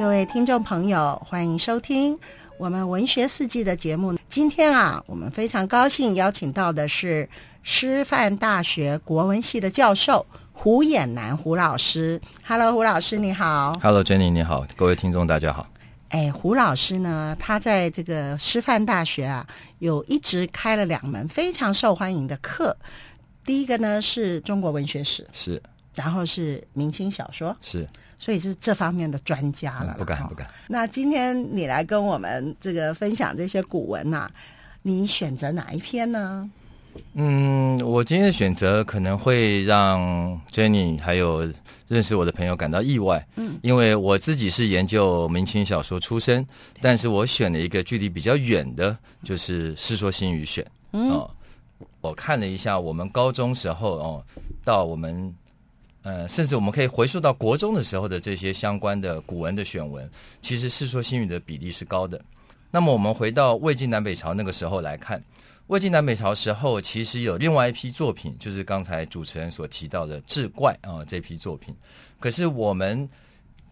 各位聽眾朋友，歡迎收聽我們《文學四季》的節目。今天啊，我們非常高興邀請到的是師範大學國文系的教授胡衍南胡老師。Hello，胡老師，你好。Hello，Jenny，你好。各位聽眾，大家好。哎，胡老師呢，他在這個師範大學啊，有一直開了兩門非常受歡迎的課。第一個呢，是中國文學史。是。然後是明清小說，是，所以是這方面的專家、嗯、不敢不敢。那今天你來跟我們這個分享這些古文吶、啊，你選擇哪一篇呢？嗯，我今天的選擇可能會讓 Jenny 還有認識我的朋友感到意外。嗯，因為我自己是研究明清小說出身，對但是我選了一個距離比較遠的，就是《世說新語》選。嗯、哦，我看了一下，我們高中時候哦，到我們。呃，甚至我們可以回溯到國中的時候的這些相關的古文的選文，其實《世說新語》的比例是高的。那麼，我們回到魏晉南北朝那個時候來看，魏晉南北朝時候其實有另外一批作品，就是剛才主持人所提到的志怪啊、呃、這批作品。可是，我們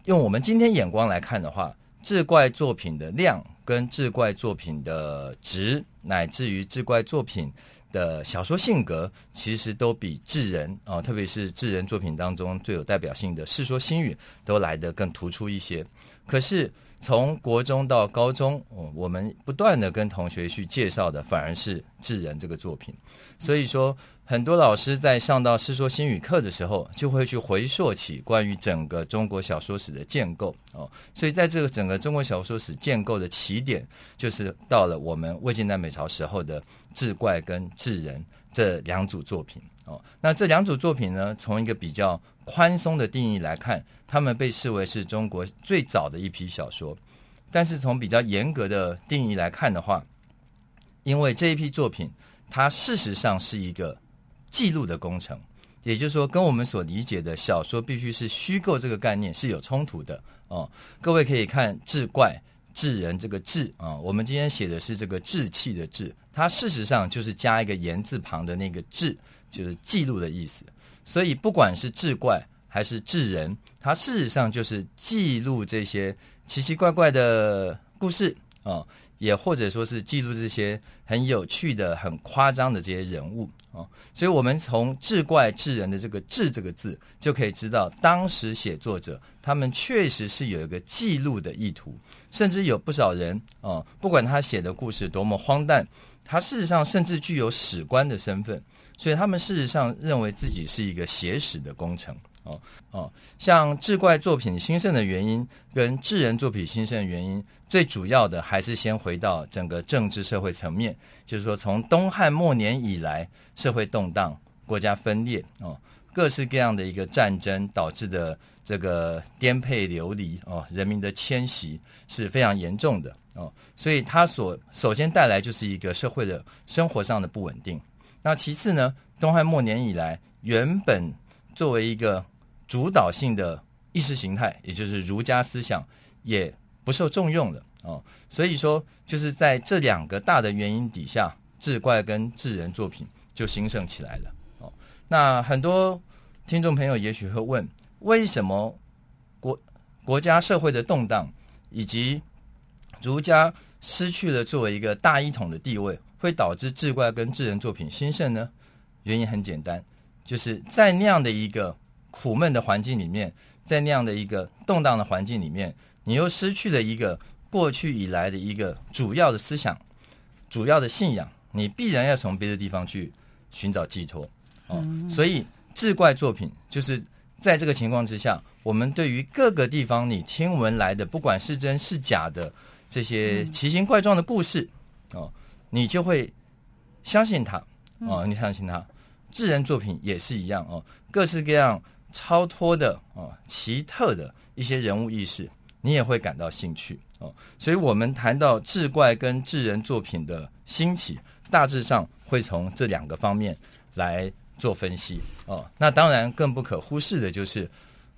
用我們今天眼光來看的話，志怪作品的量、跟志怪作品的值，乃至於志怪作品。的小說性格其實都比志人啊、呃，特別是志人作品當中最有代表性的《世說新語》都來得更突出一些。可是從國中到高中，嗯、我們不斷的跟同學去介紹的反而是志人這個作品，所以說。嗯很多老師在上到《世說新語》課的時候，就會去回溯起關於整個中國小說史的建構哦。所以，在這個整個中國小說史建構的起點，就是到了我們魏晉南北朝時候的志怪跟志人這兩組作品哦。那這兩組作品呢，從一個比較寬鬆的定義來看，他們被視為是中國最早的一批小說。但是，從比較嚴格的定義來看的話，因為這一批作品，它事實上是一個。記錄的工程，也就是說，跟我們所理解的小說必須是虛構這個概念是有衝突的哦。各位可以看志“誌怪誌人”這個志“誌”啊，我們今天寫的是這個“志氣”的“志”，它事實上就是加一個言字旁的那個“誌”，就是記錄的意思。所以，不管是“誌怪”還是“誌人”，它事實上就是記錄這些奇奇怪怪的故事啊。哦也或者說是記錄這些很有趣的、很誇張的這些人物啊、哦，所以我們從“志怪志人”的這個“志”這個字，就可以知道當時寫作者他們確實是有一個記錄的意圖，甚至有不少人啊、哦，不管他寫的故事多麼荒誕，他事實上甚至具有史官的身份，所以他們事實上認為自己是一個寫史的工程。哦哦，像志怪作品興盛的原因，跟志人作品興盛的原因，最主要的還是先回到整個政治社會層面，就是說，從東漢末年以來，社會動盪、國家分裂，哦，各式各樣的一個戰爭導致的這個顛沛流離，哦，人民的遷徙是非常嚴重的，哦，所以它所首先帶來就是一個社會的生活上的不穩定。那其次呢，東漢末年以來，原本作為一個主導性的意識形態，也就是儒家思想，也不受重用了哦。所以說，就是在這兩個大的原因底下，志怪跟志人作品就興盛起來了。哦，那很多聽眾朋友也許會問：為什麼國國家社會的動盪，以及儒家失去了作為一個大一統的地位，會導致志怪跟志人作品興盛呢？原因很簡單，就是在那樣的一個。苦悶的環境裡面，在那樣的一個動盪的環境裡面，你又失去了一個過去以來的一個主要的思想、主要的信仰，你必然要從別的地方去尋找寄託哦。嗯、所以志怪作品就是在這個情況之下，我們對於各個地方你聽聞來的，不管是真是假的這些奇形怪狀的故事、嗯、哦，你就會相信它哦，你相信它，志人作品也是一樣哦，各式各樣。超脫的啊、哦，奇特的一些人物意識，你也會感到興趣哦。所以，我們談到志怪跟志人作品的興起，大致上會從這兩個方面來做分析哦。那當然，更不可忽視的就是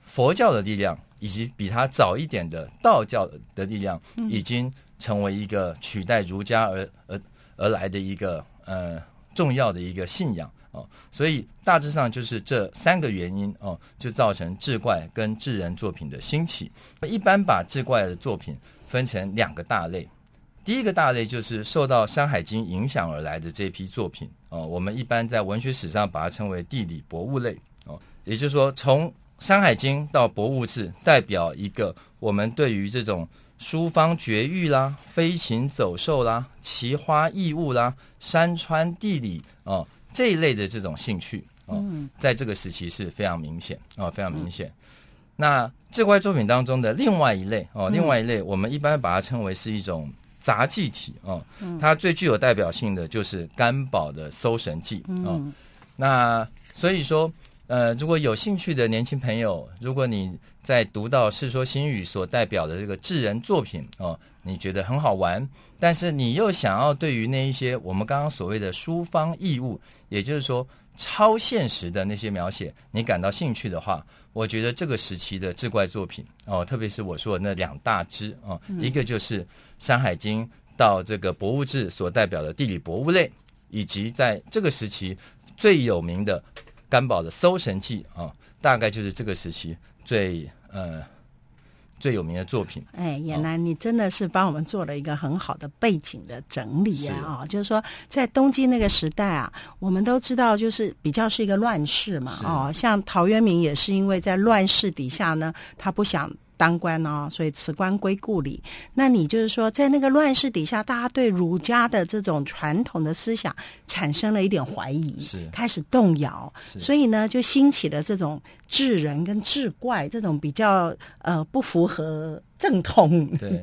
佛教的力量，以及比他早一點的道教的力量，已經成為一個取代儒家而而而來的一個呃。重要的一個信仰啊、哦，所以大致上就是這三個原因哦，就造成志怪跟志人作品的興起。一般把志怪的作品分成兩個大類，第一個大類就是受到《山海經》影響而來的這批作品啊、哦，我們一般在文學史上把它稱為地理博物類啊、哦。也就是說從《山海經》到《博物志》，代表一個我們對於這種。殊方絕域啦，飛禽走獸啦，奇花異物啦，山川地理啊、哦、這一類的這種興趣哦，在這個時期是非常明顯啊、哦，非常明顯。嗯、那這塊作品當中的另外一類哦，另外一類我們一般把它稱為是一種雜記體啊、哦，它最具有代表性的就是干寶的《搜神記》啊、哦。那所以說。呃，如果有興趣的年輕朋友，如果你在讀到《世說新語》所代表的這個志人作品哦，你覺得很好玩，但是你又想要對於那一些我們剛剛所謂的書方異物，也就是說超現實的那些描寫，你感到興趣的話，我覺得這個時期的志怪作品哦，特別是我說的那兩大支哦，嗯、一個就是《山海經》到這個《博物志》所代表的地理博物類，以及在這個時期最有名的。甘寶的《搜神記》啊、哦，大概就是這個時期最呃最有名的作品。哎，衍南，哦、你真的是幫我們做了一個很好的背景的整理啊！啊是、哦，就是說在東晉那個時代啊，我們都知道就是比較是一個亂世嘛，是哦，像陶淵明也是因為在亂世底下呢，他不想。當官哦，所以辭官歸故里。那你就是說，在那個亂世底下，大家對儒家的這種傳統的思想產生了一點懷疑，是開始動搖。是所以呢，就興起了這種志人跟志怪這種比較呃不符合正統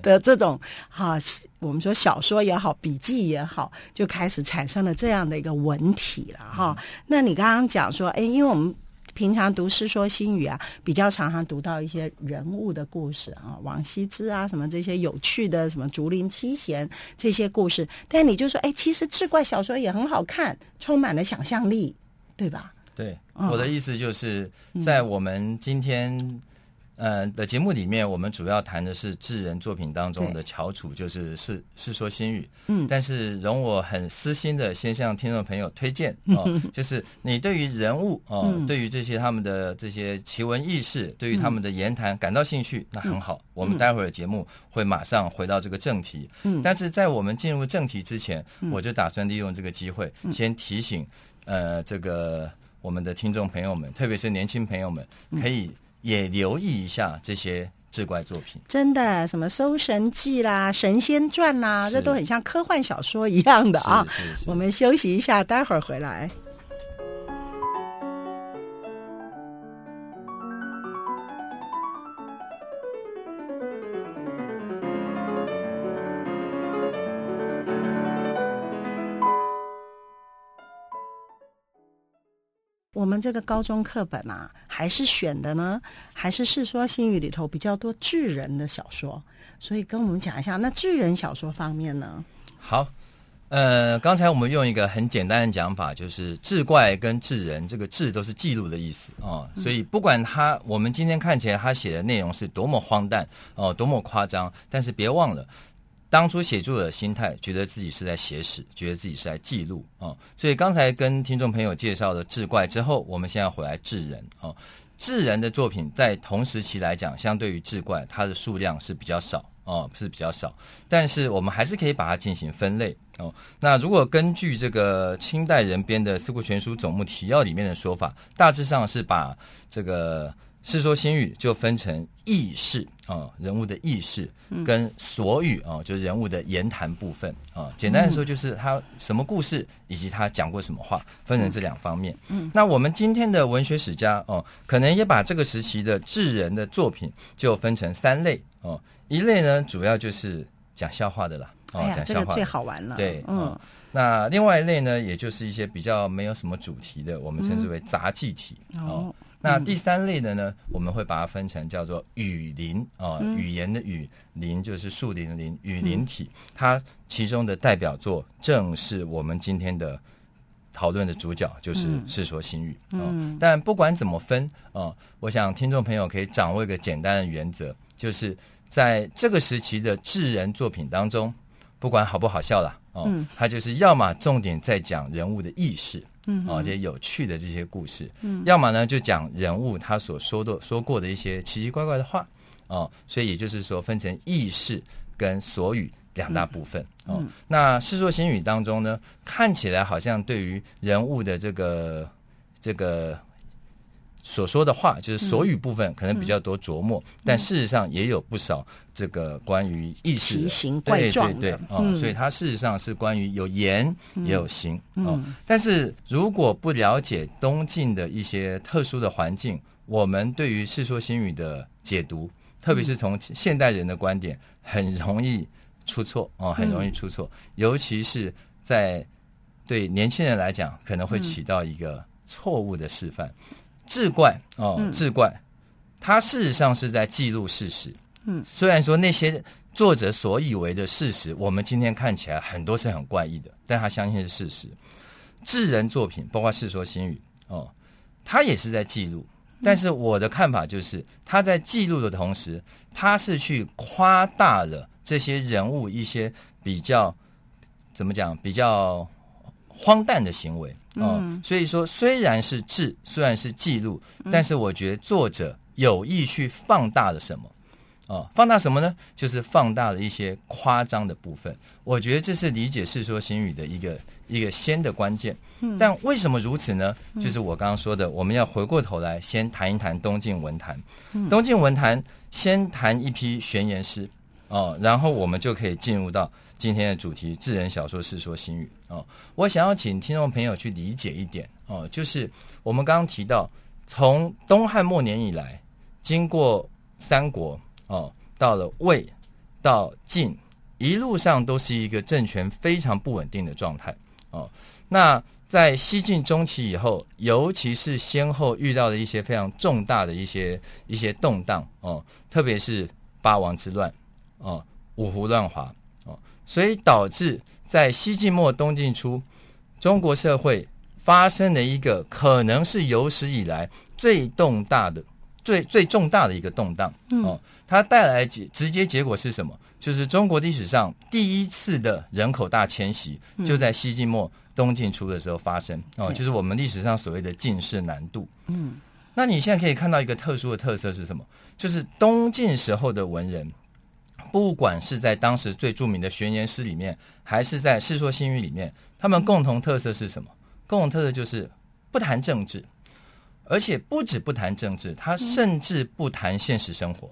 的這種對哈，我們說小說也好，筆記也好，就開始產生了這樣的一個文體了哈。嗯、那你剛剛講說，哎，因為我們。平常讀《世說新語》啊，比較常常讀到一些人物的故事啊，王羲之啊，什麼這些有趣的什麼竹林七賢這些故事。但你就說，哎，其實志怪小說也很好看，充滿了想象力，對吧？對，哦、我的意思就是在我們今天。嗯嗯，呃、的節目裡面，我們主要談的是志人作品當中的翹楚，就是《世世說新語》。嗯，但是容我很私心的先向聽眾朋友推薦啊、呃，就是你對於人物啊、呃，對於這些他們的這些奇聞異事，對於他們的言談感到興趣，那很好。我們待會兒節目會馬上回到這個正題。嗯，但是在我們進入正題之前，我就打算利用這個機會先提醒，呃，這個我們的聽眾朋友們，特別是年輕朋友們，可以。也留意一下這些志怪作品，真的，什麼《搜神記》啦，《神仙傳》啦吶是，這都很像科幻小說一樣的啊。我們休息一下，待會兒回來。我們這個高中課本啊，還是選的呢？還是世說新語裡頭比較多志人的小說？所以跟我們講一下，那志人小說方面呢？好，呃，剛才我們用一個很簡單的講法，就是志怪跟志人，這個“志”都是記錄的意思啊、哦。所以不管他，嗯、我們今天看起來他寫的內容是多麼荒誕哦，多麼誇張，但是別忘了。當初寫作者的心態，覺得自己是在寫史，覺得自己是在記錄，啊、哦。所以剛才跟聽眾朋友介紹的志怪之後，我們現在回來志人，哦，志人的作品在同時期來講，相對於志怪，它的數量是比較少，啊、哦，是比較少，但是我們還是可以把它進行分類，哦，那如果根據這個清代人編的《四庫全書總目提要》裡面的說法，大致上是把這個。《世說新語》就分成軼事啊、呃，人物的軼事，跟所語啊、呃，就是人物的言談部分啊、呃。簡單的說，就是他什麼故事，以及他講過什麼話，分成這兩方面。嗯，嗯那我們今天的文學史家哦、呃，可能也把這個時期的志人的作品就分成三類哦、呃。一類呢，主要就是講笑話的啦，哦、呃，哎、呀講笑話的這最好玩了。對，呃、嗯、呃，那另外一類呢，也就是一些比較沒有什麼主題的，我們稱之為雜記體、嗯、哦。那第三類的呢，嗯、我們會把它分成叫做語林啊、呃，語言的語林，就是樹林的林，語林體。嗯、它其中的代表作正是我們今天的討論的主角，就是《世說新語》嗯、呃，但不管怎麼分啊、呃，我想聽眾朋友可以掌握一個簡單的原則，就是在這個時期的志人作品當中，不管好不好笑啦，呃、嗯，它就是要麼重點在講人物的意識，嗯，哦，這些有趣的這些故事，嗯哼，要麼呢就講人物他所說的說過的一些奇奇怪怪的話，哦，所以也就是說分成軼事跟瑣語兩大部分，嗯嗯、哦，那《世說新語》當中呢，看起來好像對於人物的這個這個。所說的話，就是所語部分可能比較多琢磨。嗯嗯、但事實上也有不少這個關於意識、形對對對哦、嗯嗯。所以它事實上是關於有言也有行哦、嗯嗯嗯。但是如果不了解東晉的一些特殊的環境，我們對於《世說新語》的解讀，特別是從現代人的觀點，很容易出錯哦，嗯嗯、很容易出錯，尤其是在對年輕人來講，可能會起到一個錯誤的示範。嗯嗯志怪哦，志怪，嗯，志怪，他事實上是在記錄事實。嗯，雖然說那些作者所以為的事實，我們今天看起來很多是很怪異的，但他相信是事實。志人作品，包括《世說新語》哦，他也是在記錄。但是我的看法就是，他在記錄的同時，他是去誇大了這些人物一些比較怎麼講比較。荒誕的行為，呃嗯、所以說，雖然是志，雖然是記錄，但是我覺得作者有意去放大了什麼？哦、呃，放大什麼呢？就是放大了一些誇張的部分。我覺得這是理解《世說新語》的一個一個先的關鍵。嗯，但為什麼如此呢？就是我剛剛說的，嗯、我們要回過頭來先談一談東晉文壇。東晉文壇先談一批玄言詩哦、呃，然後我們就可以進入到，今天的主題：志人小說《世說新語》哦，我想要請聽眾朋友去理解一點哦，就是我們剛剛提到，從東漢末年以來，經過三國哦，到了魏到晉，一路上都是一個政權非常不穩定的狀態哦。那在西晉中期以後，尤其是先後遇到的一些非常重大的一些一些動盪哦，特別是八王之亂哦，五胡亂華。所以導致在西晉末東晉初，中國社會發生了一個可能是有史以來最動盪的、最最重大的一個動盪。嗯、哦，它帶來結直接結果是什麼？就是中國歷史上第一次的人口大遷徙，就在西晉末東晉初的時候發生。嗯、哦，就是我們歷史上所謂的“晉室南渡”。嗯，那你現在可以看到一個特殊的特色是什麼？就是東晉時候的文人。不管是在當時最著名的玄言詩裡面，還是在《世說新語》裡面，他們共同特色是什麼？共同特色就是不談政治，而且不止不談政治，他甚至不談現實生活。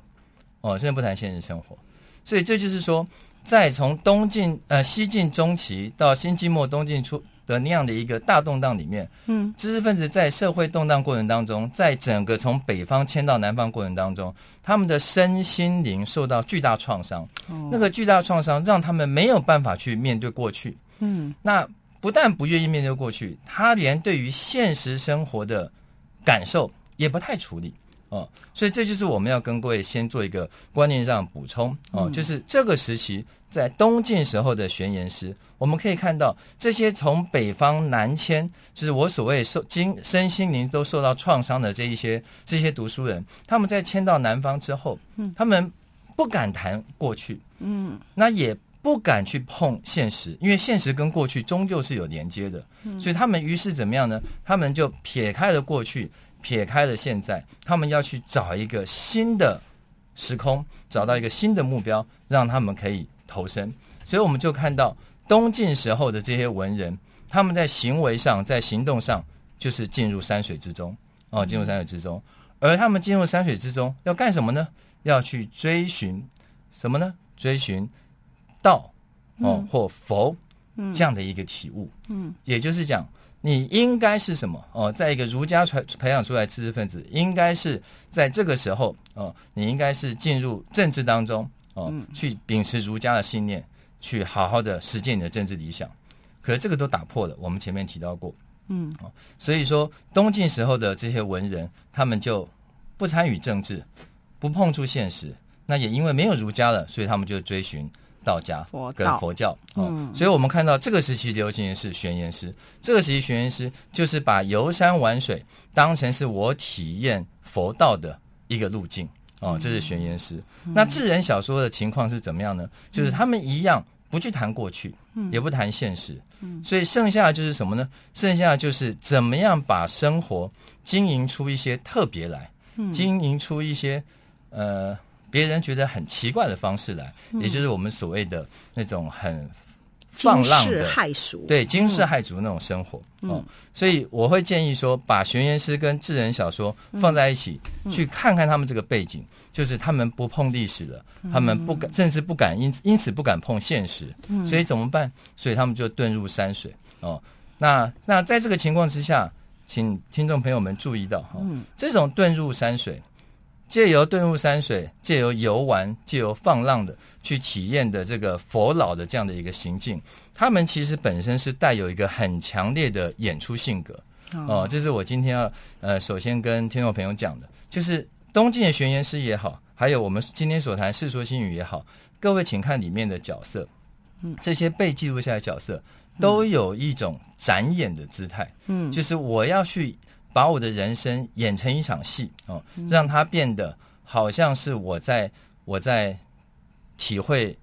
哦，甚至不談現實生活。所以這就是說，在從東晉呃西晉中期到西晉末東晉初。的那樣的一個大動盪裡面，嗯，知識分子在社會動盪過程當中，在整個從北方遷到南方過程當中，他們的身心靈受到巨大創傷，那個巨大創傷讓他們沒有辦法去面對過去，嗯，那不但不願意面對過去，他連對於現實生活的感受也不太處理。哦、所以，這就是我們要跟各位先做一個觀念上的補充哦，嗯、就是這個時期在東晉時候的玄言詩，我們可以看到這些從北方南遷，就是我所謂受驚身心靈都受到創傷的這一些這些讀書人，他們在遷到南方之後，他們不敢談過去，嗯，那也不敢去碰現實，因為現實跟過去終究是有連接的，所以他們於是怎麼樣呢？他們就撇開了過去。撇開了現在，他們要去找一個新的時空，找到一個新的目標，讓他們可以投身。所以我們就看到東晉時候的這些文人，他們在行為上、在行動上，就是進入山水之中，哦，進入山水之中。而他們進入山水之中要幹什麼呢？要去追尋什麼呢？追尋道哦，或佛這樣的一個體悟。嗯，嗯，也就是講。你應該是什麼哦？在一個儒家傳培養出來知識分子，應該是在這個時候哦，你應該是進入政治當中哦，去秉持儒家的信念，去好好的實踐你的政治理想。可是這個都打破了，我們前面提到過，嗯，哦，所以說東晉時候的這些文人，他們就不參與政治，不碰觸現實，那也因為沒有儒家了，所以他們就追尋。道家跟佛教，佛道哦、嗯，所以我們看到這個時期流行的是玄言詩。這個時期玄言詩就是把遊山玩水當成是我體驗佛道的一個路徑，哦，嗯、這是玄言詩。那志人小說的情況是怎麼樣呢？嗯、就是他們一樣不去談過去，嗯、也不談現實，所以剩下的就是什麼呢？剩下就是怎麼樣把生活經營出一些特別來，嗯、經營出一些，呃。別人覺得很奇怪的方式來，嗯、也就是我們所謂的那種很放浪的、驚世駭俗、對驚世駭俗那種生活。嗯、哦，所以我會建議說，把玄言詩跟志人小說放在一起，嗯、去看看他們這個背景，嗯、就是他們不碰歷史了，嗯、他們不敢，甚至不敢因因此不敢碰現實。嗯、所以怎麼辦？所以他們就遁入山水。哦，那那在這個情況之下，請聽眾朋友們注意到哈，哦嗯、這種遁入山水。借由頓悟山水，借由遊玩，借由放浪的去體驗的這個佛老的這樣的一個行徑，他們其實本身是帶有一個很強烈的演出性格、呃、哦，這是我今天要呃首先跟聽眾朋友講的，就是東晉的玄言詩也好，還有我們今天所談《世說新語》也好，各位請看裡面的角色，嗯，這些被記錄下來的角色都有一種展演的姿態，嗯，就是我要去。把我的人生演成一場戲哦，讓它變得好像是我在我在體會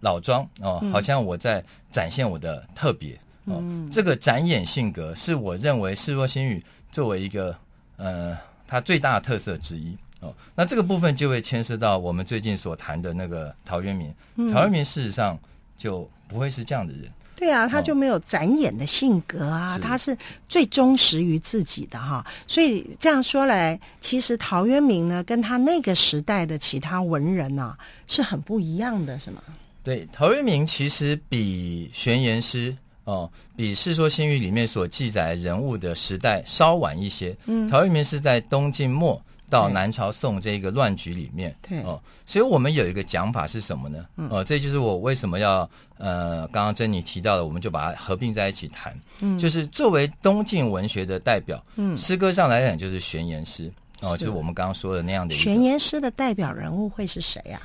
老莊哦，好像我在展現我的特別、嗯、哦。這個展演性格是我認為《世說新語》作為一個呃，它最大的特色之一哦。那這個部分就會牽涉到我們最近所談的那個陶淵明，陶淵明事實上就不會是這樣的人。對啊，他就沒有展演的性格啊，哦、是他是最忠實於自己的哈，所以這樣說來，其實陶淵明呢，跟他那個時代的其他文人吶、啊，是很不一樣的，是嗎？對，陶淵明其實比《玄言詩》哦，比《世說新語》裡面所記載人物的時代稍晚一些。嗯，陶淵明是在東晉末。到南朝宋這一個亂局裡面，對哦，所以我們有一個講法是什麼呢？哦，這就是我為什麼要呃，剛剛怡蓁提到的，我們就把它合併在一起談。嗯，就是作為東晉文學的代表，嗯，詩歌上來講就是玄言詩，哦，就是我們剛剛說的那樣的一個玄言詩的代表人物會是誰呀？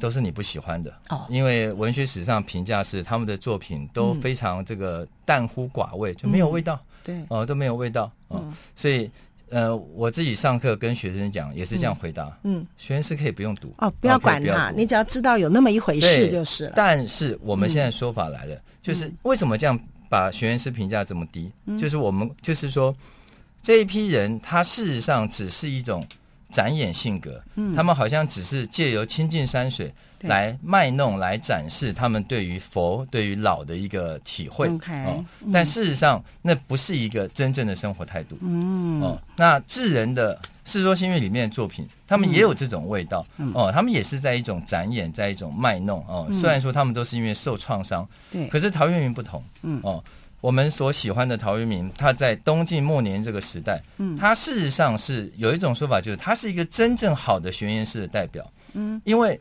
都是你不喜歡的哦，因為文學史上評價是他們的作品都非常這個淡乎寡味，就沒有味道，對哦，都沒有味道，嗯，所以。呃，我自己上課跟學生講也是這樣回答。嗯，嗯，玄言詩可以不用讀哦，不要管他、啊，你只要知道有那麼一回事就是了。但是我們現在說法來了，嗯、就是為什麼這樣把玄言詩評價這麼低？嗯、就是我們就是說這一批人，他事實上只是一種展演性格，嗯、他們好像只是借由親近山水。來賣弄，來展示他們對於佛，對於老的一個體會 okay, 哦，但事實上，嗯、那不是一個真正的生活態度。嗯哦，那智人的《世說新語》裡面的作品，他們也有這種味道，嗯嗯、哦，他們也是在一種展演，在一種賣弄哦。雖然說他們都是因為受創傷，嗯、可是陶淵明不同。嗯哦，我們所喜歡的陶淵明，他在東晉末年這個時代，嗯，他事實上是有一種說法，就是他是一個真正好的玄言詩的代表。嗯，因為。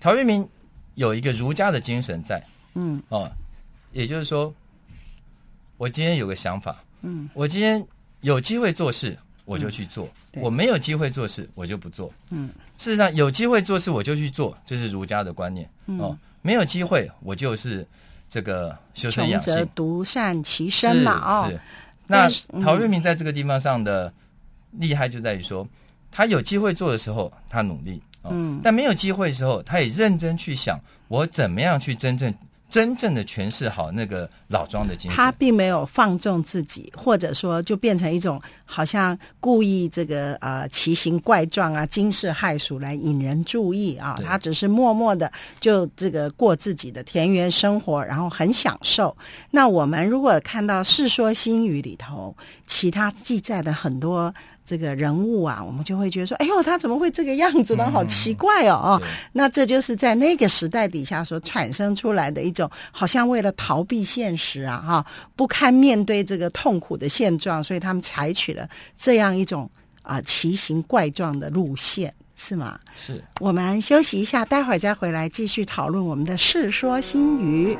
陶淵明有一個儒家的精神在，嗯，哦，也就是說，我今天有個想法，嗯，我今天有機會做事，我就去做；嗯、我沒有機會做事，我就不做。嗯，事實上，有機會做事我就去做，這是儒家的觀念。嗯、哦，沒有機會，我就是這個修身養性，獨善其身嘛，哦。那陶淵明在這個地方上的厲害就在於說，嗯、他有機會做的時候，他努力。嗯、哦，但沒有機會的時候，他也認真去想我怎麼樣去真正、真正的詮釋好那個老莊的精神。他並沒有放縱自己，或者說就變成一種好像故意這個呃奇形怪狀啊、驚世駭俗來引人注意啊。對他只是默默的就這個過自己的田園生活，然後很享受。那我們如果看到《世說新語》裡頭其他記載的很多。這個人物啊，我們就會覺得說，哎呦，他怎麼會這個樣子呢？好奇怪哦！嗯、那這就是在那個時代底下所產生出來的一種，好像為了逃避現實啊，哈，不堪面對這個痛苦的現狀，所以他們採取了這樣一種啊、呃、奇形怪狀的路線，是嗎？是。我們休息一下，待會兒再回來繼續討論我們的《世說新語》。